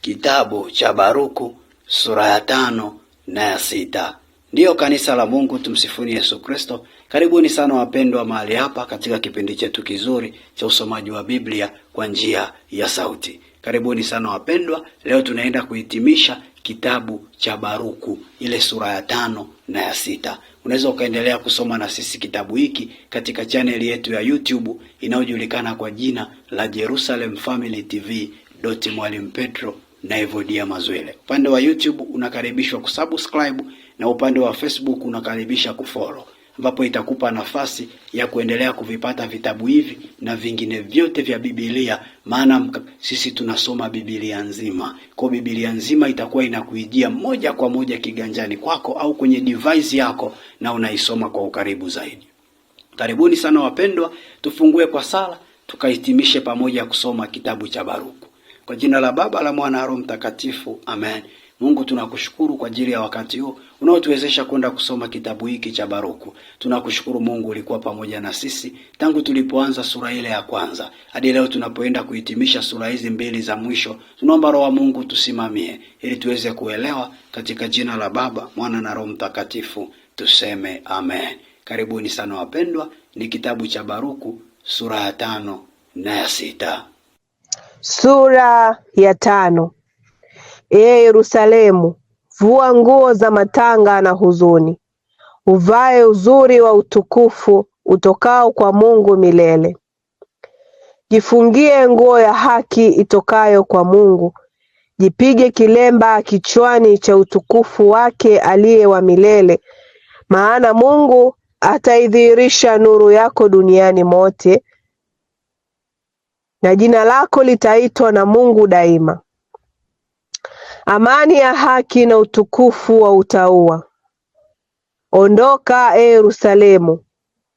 kitabu cha Baruku sura ya tano na ya sita. Ndiyo kanisa la Mungu, tumsifuni Yesu Kristo. Karibuni sana wapendwa mahali hapa katika kipindi chetu kizuri cha usomaji wa Biblia kwa njia ya sauti. Karibuni sana wapendwa, leo tunaenda kuhitimisha kitabu cha Baruku ile sura ya tano na ya sita. Unaweza ukaendelea kusoma na sisi kitabu hiki katika chaneli yetu ya YouTube inayojulikana kwa jina la Jerusalem Family TV Mwalimu Petro na Evodia Mazwile. Upande wa YouTube unakaribishwa kusubscribe na upande wa Facebook unakaribisha kufollow, ambapo itakupa nafasi ya kuendelea kuvipata vitabu hivi na vingine vyote vya Biblia, maana sisi tunasoma Biblia nzima. Kwa Biblia nzima itakuwa inakuijia moja kwa moja kiganjani kwako au kwenye device yako na unaisoma kwa ukaribu zaidi. Karibuni sana wapendwa, tufungue kwa sala tukahitimishe pamoja kusoma kitabu cha Baruku. Kwa jina la Baba la Mwana na Roho Mtakatifu, amen. Mungu tunakushukuru kwa ajili ya wakati huu unaotuwezesha kwenda kusoma kitabu hiki cha Baruku. Tunakushukuru Mungu, ulikuwa pamoja na sisi tangu tulipoanza sura ile ya kwanza hadi leo tunapoenda kuhitimisha sura hizi mbili za mwisho. Tunaomba Roho wa Mungu tusimamie, ili tuweze kuelewa. Katika jina la Baba, Mwana na Roho Mtakatifu tuseme amen. Karibuni sana wapendwa, ni kitabu cha Baruku sura ya tano na ya sita. Sura ya tano. Ee Yerusalemu, vua nguo za matanga na huzuni, uvae uzuri wa utukufu utokao kwa Mungu milele. Jifungie nguo ya haki itokayo kwa Mungu, jipige kilemba kichwani cha utukufu wake aliye wa milele, maana Mungu ataidhihirisha nuru yako duniani mote na jina lako litaitwa na Mungu daima. Amani ya haki na utukufu wa utaua Ondoka e Yerusalemu,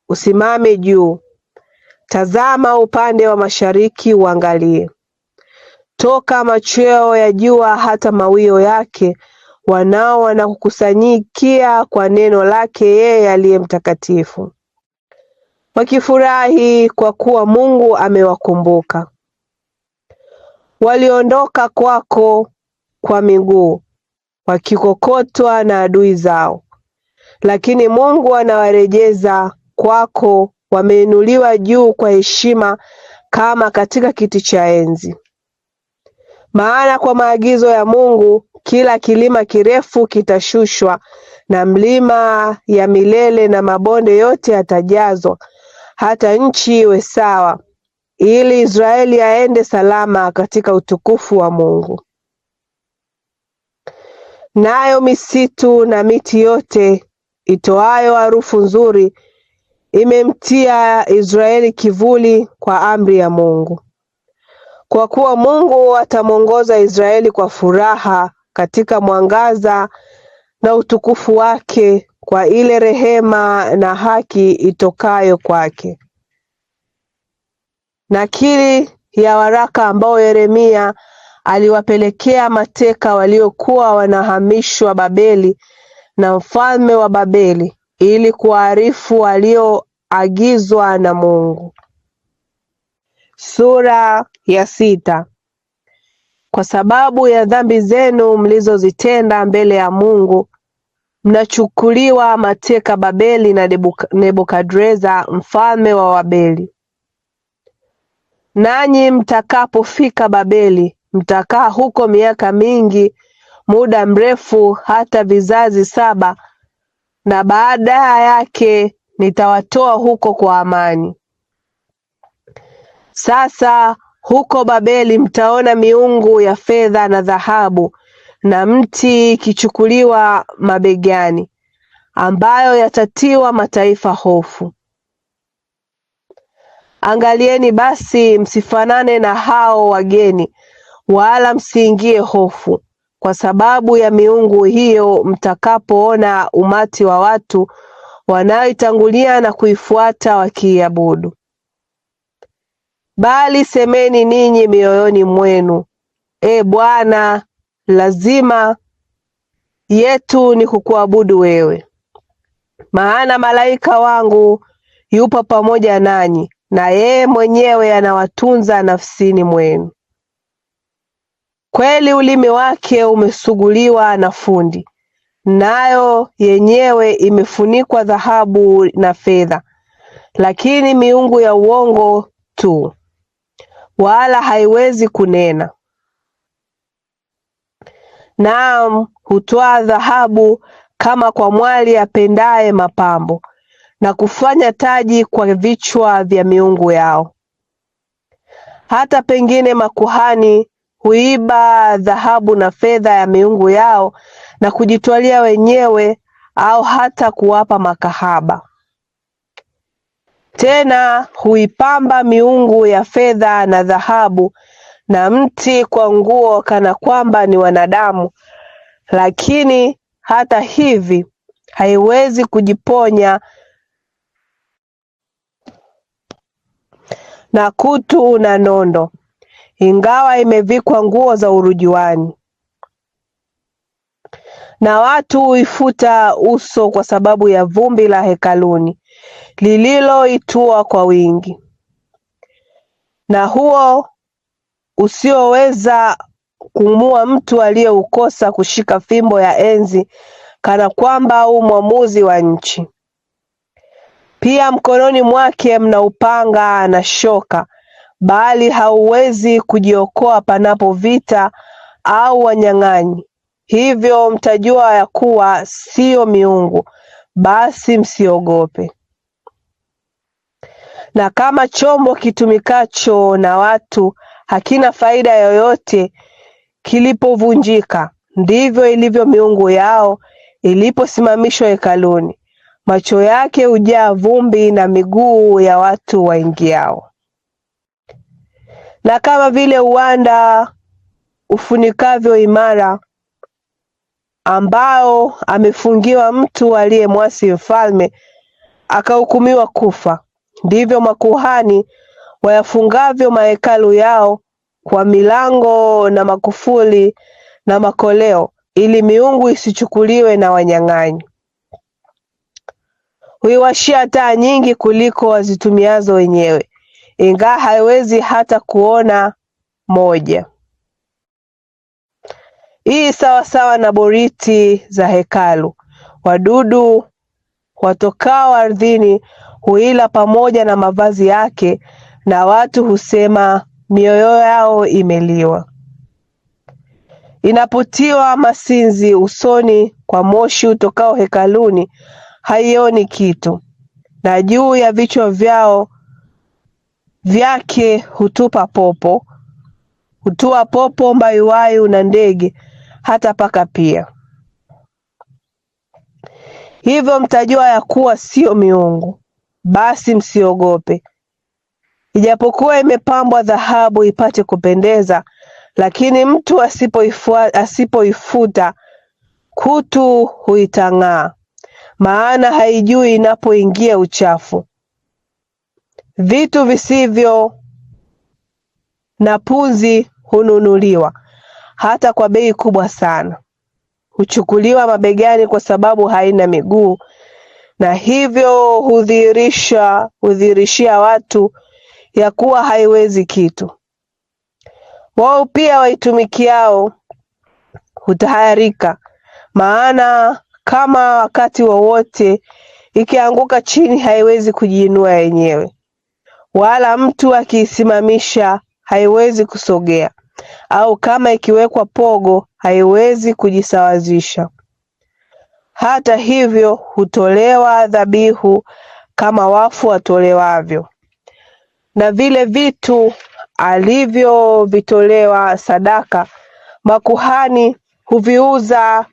usimame juu, tazama upande wa mashariki uangalie. Toka machweo ya jua hata mawio yake, wanao wanakukusanyikia kwa neno lake yeye aliye mtakatifu wakifurahi kwa kuwa Mungu amewakumbuka. Waliondoka kwako kwa miguu wakikokotwa na adui zao, lakini Mungu anawarejeza kwako. Wameinuliwa juu kwa heshima kama katika kiti cha enzi. Maana kwa maagizo ya Mungu kila kilima kirefu kitashushwa na mlima ya milele na mabonde yote yatajazwa, hata nchi iwe sawa ili Israeli aende salama katika utukufu wa Mungu. Nayo misitu na miti yote itoayo harufu nzuri imemtia Israeli kivuli kwa amri ya Mungu, kwa kuwa Mungu atamwongoza Israeli kwa furaha katika mwangaza na utukufu wake kwa ile rehema na haki itokayo kwake. Nakili ya waraka ambao Yeremia aliwapelekea mateka waliokuwa wanahamishwa Babeli na mfalme wa Babeli ili kuwaarifu walioagizwa na Mungu. Sura ya sita. Kwa sababu ya dhambi zenu mlizozitenda mbele ya Mungu mnachukuliwa mateka Babeli na Nebukadreza mfalme wa Babeli nanyi mtakapofika Babeli mtakaa huko miaka mingi muda mrefu hata vizazi saba, na baada yake nitawatoa huko kwa amani. Sasa huko Babeli mtaona miungu ya fedha na dhahabu na mti ikichukuliwa mabegani, ambayo yatatiwa mataifa hofu. Angalieni basi, msifanane na hao wageni, wala msiingie hofu kwa sababu ya miungu hiyo, mtakapoona umati wa watu wanaoitangulia na kuifuata wakiiabudu. Bali semeni ninyi mioyoni mwenu, E Bwana, lazima yetu ni kukuabudu wewe, maana malaika wangu yupo pamoja nanyi na yeye mwenyewe anawatunza nafsini mwenu. Kweli ulimi wake umesuguliwa na fundi, nayo yenyewe imefunikwa dhahabu na fedha, lakini miungu ya uongo tu, wala haiwezi kunena. Naam, hutwaa dhahabu kama kwa mwali apendaye mapambo, na kufanya taji kwa vichwa vya miungu yao. Hata pengine makuhani huiba dhahabu na fedha ya miungu yao na kujitwalia wenyewe, au hata kuwapa makahaba. Tena huipamba miungu ya fedha na dhahabu na mti kwa nguo kana kwamba ni wanadamu, lakini hata hivi haiwezi kujiponya na kutu na nondo, ingawa imevikwa nguo za urujuani. Na watu huifuta uso kwa sababu ya vumbi la hekaluni lililoitua kwa wingi, na huo usioweza kumua mtu aliyeukosa kushika fimbo ya enzi kana kwamba au mwamuzi wa nchi. Pia mkononi mwake mna upanga na shoka, bali hauwezi kujiokoa panapo vita au wanyang'anyi. Hivyo mtajua ya kuwa sio miungu, basi msiogope. Na kama chombo kitumikacho na watu hakina faida yoyote kilipovunjika; ndivyo ilivyo miungu yao iliposimamishwa hekaluni. Macho yake hujaa vumbi na miguu ya watu waingiao. Na kama vile uwanda ufunikavyo imara ambao amefungiwa mtu aliyemwasi mfalme akahukumiwa kufa, ndivyo makuhani wayafungavyo mahekalu yao kwa milango na makufuli na makoleo ili miungu isichukuliwe na wanyang'anyi. Huiwashia taa nyingi kuliko wazitumiazo wenyewe, ingawa haiwezi hata kuona moja. Hii sawa sawa na boriti za hekalu. Wadudu watokao ardhini huila pamoja na mavazi yake, na watu husema mioyo yao imeliwa, inapotiwa masinzi usoni kwa moshi utokao hekaluni, haioni kitu, na juu ya vichwa vyao vyake hutupa popo, hutua popo, mbayuwayu na ndege, hata paka pia. Hivyo mtajua ya kuwa sio miungu, basi msiogope Ijapokuwa imepambwa dhahabu ipate kupendeza, lakini mtu asipoifuta kutu huitang'aa, maana haijui inapoingia uchafu. Vitu visivyo na punzi hununuliwa hata kwa bei kubwa sana, huchukuliwa mabegani kwa sababu haina miguu, na hivyo hudhihirishia watu ya kuwa haiwezi kitu. Wao pia waitumikiao hutaharika maana kama wakati wowote ikianguka chini haiwezi kujiinua yenyewe, wala mtu akiisimamisha haiwezi kusogea, au kama ikiwekwa pogo haiwezi kujisawazisha. Hata hivyo, hutolewa dhabihu kama wafu watolewavyo na vile vitu alivyovitolewa sadaka, makuhani huviuza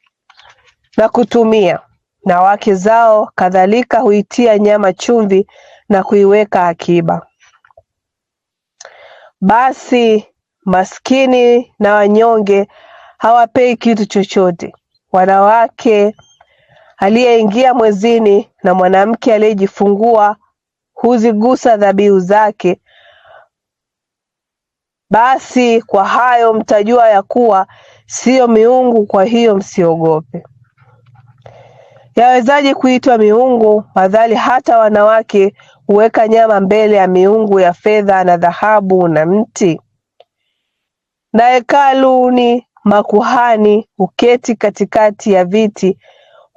na kutumia, na wake zao kadhalika huitia nyama chumvi na kuiweka akiba. Basi maskini na wanyonge hawapei kitu chochote. Wanawake aliyeingia mwezini na mwanamke aliyejifungua huzigusa dhabihu zake. Basi kwa hayo mtajua ya kuwa siyo miungu, kwa hiyo msiogope. Yawezaje kuitwa miungu, madhali hata wanawake huweka nyama mbele ya miungu ya fedha na dhahabu na mti? Na hekaluni makuhani huketi katikati ya viti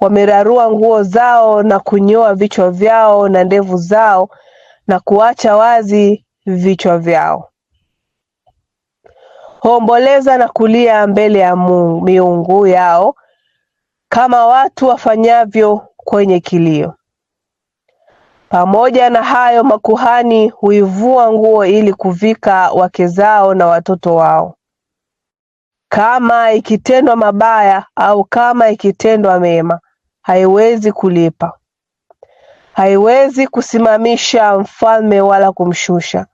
wamerarua nguo zao na kunyoa vichwa vyao na ndevu zao na kuacha wazi vichwa vyao. Huomboleza na kulia mbele ya miungu yao kama watu wafanyavyo kwenye kilio. Pamoja na hayo, makuhani huivua nguo ili kuvika wake zao na watoto wao. Kama ikitendwa mabaya au kama ikitendwa mema, haiwezi kulipa, haiwezi kusimamisha mfalme wala kumshusha.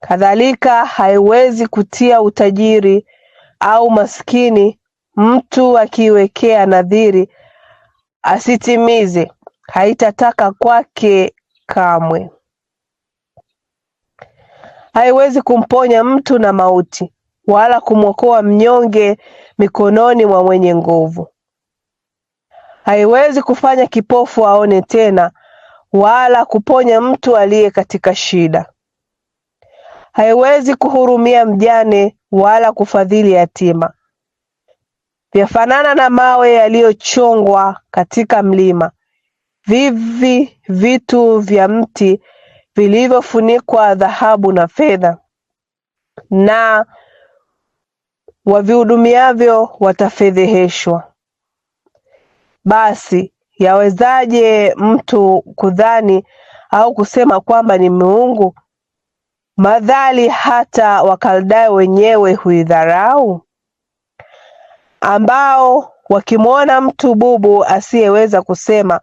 Kadhalika haiwezi kutia utajiri au maskini. Mtu akiwekea nadhiri asitimize, haitataka kwake kamwe. Haiwezi kumponya mtu na mauti, wala kumwokoa mnyonge mikononi mwa mwenye nguvu. Haiwezi kufanya kipofu aone tena, wala kuponya mtu aliye katika shida. Haiwezi kuhurumia mjane wala kufadhili yatima. Vyafanana na mawe yaliyochongwa katika mlima, vivi vitu vya mti vilivyofunikwa dhahabu na fedha na wavihudumiavyo watafedheheshwa. Basi yawezaje mtu kudhani au kusema kwamba ni miungu, madhali hata Wakaldayo wenyewe huidharau, ambao wakimwona mtu bubu asiyeweza kusema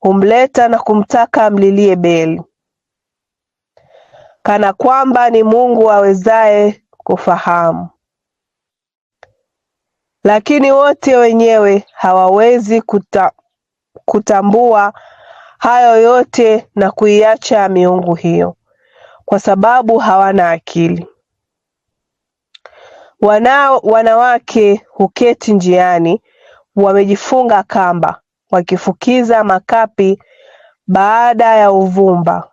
humleta na kumtaka amlilie Beli, kana kwamba ni Mungu awezaye kufahamu. Lakini wote wenyewe hawawezi kutambua hayo yote na kuiacha miungu hiyo, kwa sababu hawana akili. Wanao wanawake huketi njiani, wamejifunga kamba, wakifukiza makapi baada ya uvumba,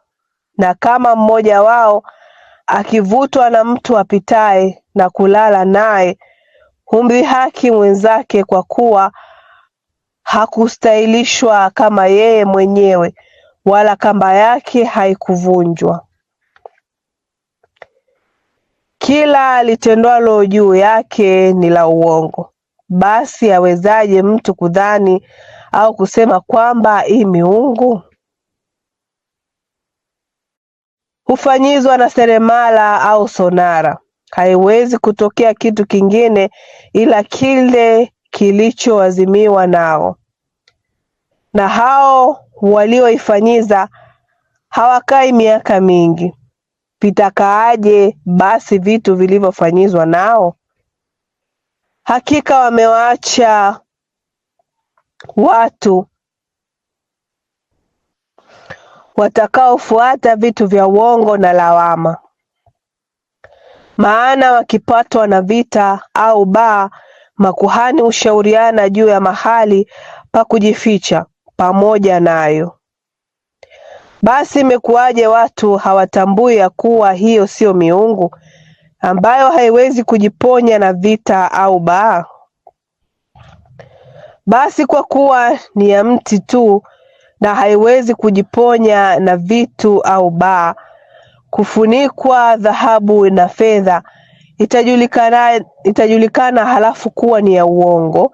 na kama mmoja wao akivutwa na mtu apitaye na kulala naye humdhihaki mwenzake kwa kuwa hakustahilishwa kama yeye mwenyewe, wala kamba yake haikuvunjwa. Kila litendwalo juu yake ni la uongo. Basi awezaje mtu kudhani au kusema kwamba hii miungu hufanyizwa na seremala au sonara haiwezi kutokea kitu kingine ila kile kilichoazimiwa nao, na hao walioifanyiza hawakai miaka mingi. Vitakaaje basi vitu vilivyofanyizwa nao? Hakika wamewaacha watu watakaofuata vitu vya uongo na lawama. Maana wakipatwa na vita au baa, makuhani hushauriana juu ya mahali pa kujificha pamoja nayo. Basi imekuwaje watu hawatambui ya kuwa hiyo siyo miungu ambayo haiwezi kujiponya na vita au baa? Basi kwa kuwa ni ya mti tu na haiwezi kujiponya na vitu au baa, kufunikwa dhahabu na fedha itajulikana, itajulikana halafu kuwa ni ya uongo,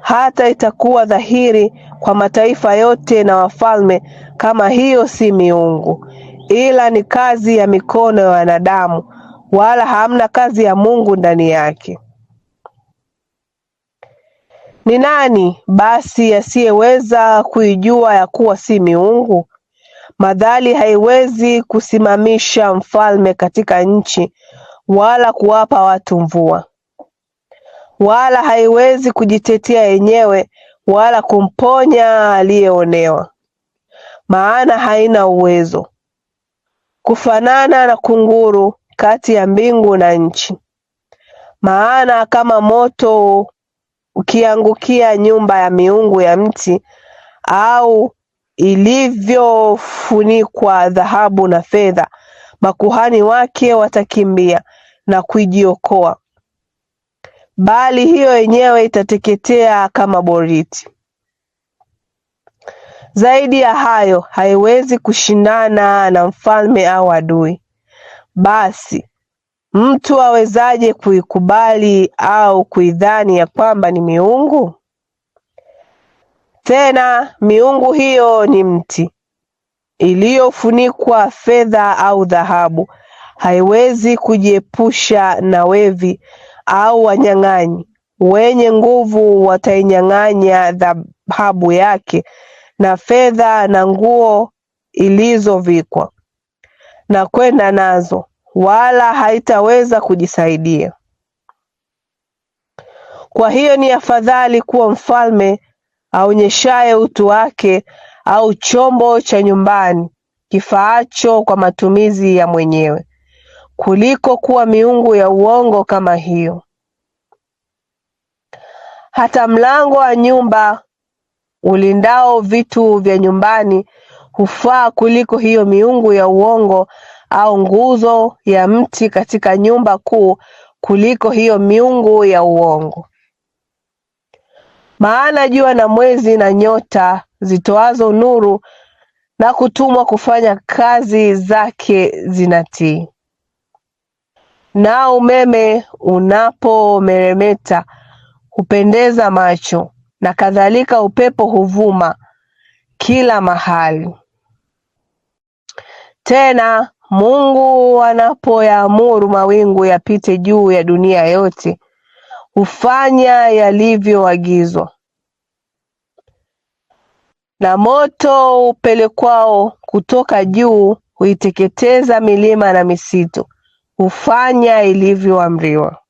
hata itakuwa dhahiri kwa mataifa yote na wafalme, kama hiyo si miungu, ila ni kazi ya mikono ya wanadamu, wala hamna kazi ya Mungu ndani yake. Ni nani basi asiyeweza kuijua ya kuwa si miungu? Madhali haiwezi kusimamisha mfalme katika nchi wala kuwapa watu mvua, wala haiwezi kujitetea yenyewe wala kumponya aliyeonewa, maana haina uwezo, kufanana na kunguru kati ya mbingu na nchi. Maana kama moto ukiangukia nyumba ya miungu ya mti au ilivyofunikwa dhahabu na fedha, makuhani wake watakimbia na kujiokoa, bali hiyo yenyewe itateketea kama boriti. Zaidi ya hayo haiwezi kushindana na mfalme au adui. Basi mtu awezaje kuikubali au kuidhani ya kwamba ni miungu? Tena miungu hiyo ni mti iliyofunikwa fedha au dhahabu, haiwezi kujiepusha na wevi au wanyang'anyi. Wenye nguvu watainyang'anya dhahabu yake na fedha na nguo ilizovikwa na kwenda nazo, wala haitaweza kujisaidia. Kwa hiyo ni afadhali kuwa mfalme aonyeshaye utu wake au chombo cha nyumbani kifaacho kwa matumizi ya mwenyewe, kuliko kuwa miungu ya uongo kama hiyo. Hata mlango wa nyumba ulindao vitu vya nyumbani hufaa kuliko hiyo miungu ya uongo, au nguzo ya mti katika nyumba kuu kuliko hiyo miungu ya uongo. Maana jua na mwezi na nyota zitoazo nuru na kutumwa kufanya kazi zake zinatii. na umeme unapomeremeta hupendeza macho, na kadhalika upepo huvuma kila mahali. Tena Mungu anapoyaamuru mawingu yapite juu ya dunia yote, hufanya yalivyoagizwa, na moto upelekwao kutoka juu huiteketeza milima na misitu, hufanya ilivyoamriwa.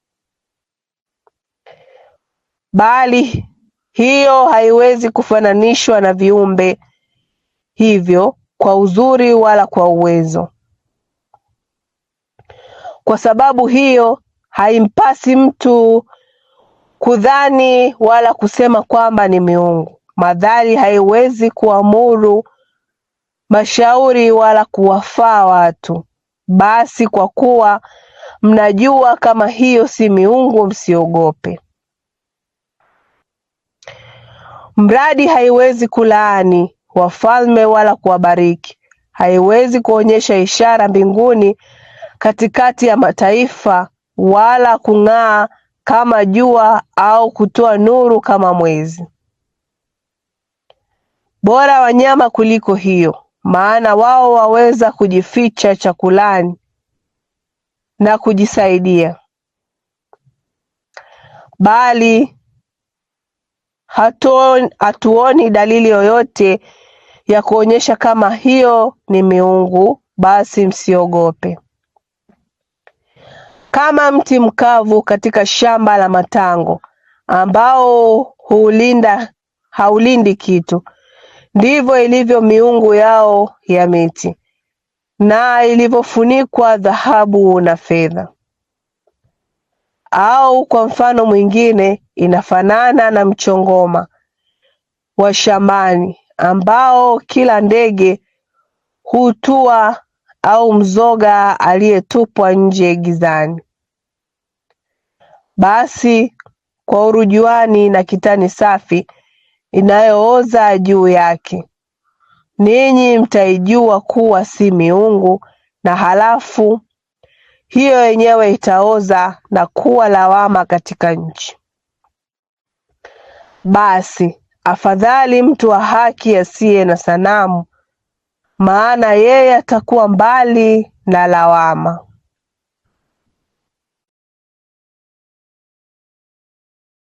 Bali hiyo haiwezi kufananishwa na viumbe hivyo kwa uzuri wala kwa uwezo. Kwa sababu hiyo haimpasi mtu kudhani wala kusema kwamba ni miungu, madhari haiwezi kuamuru mashauri wala kuwafaa watu. Basi kwa kuwa mnajua kama hiyo si miungu, msiogope. Mradi haiwezi kulaani wafalme wala kuwabariki, haiwezi kuonyesha ishara mbinguni katikati ya mataifa wala kung'aa kama jua au kutoa nuru kama mwezi. Bora wanyama kuliko hiyo, maana wao waweza kujificha chakulani na kujisaidia, bali hatuoni, hatuoni dalili yoyote ya kuonyesha kama hiyo ni miungu, basi msiogope kama mti mkavu katika shamba la matango, ambao huulinda haulindi kitu; ndivyo ilivyo miungu yao ya miti, na ilivyofunikwa dhahabu na fedha. Au kwa mfano mwingine, inafanana na mchongoma wa shambani, ambao kila ndege hutua, au mzoga aliyetupwa nje gizani basi kwa urujuani na kitani safi inayooza juu yake, ninyi mtaijua kuwa si miungu, na halafu hiyo yenyewe itaoza na kuwa lawama katika nchi. Basi afadhali mtu wa haki asiye na sanamu, maana yeye atakuwa mbali na lawama.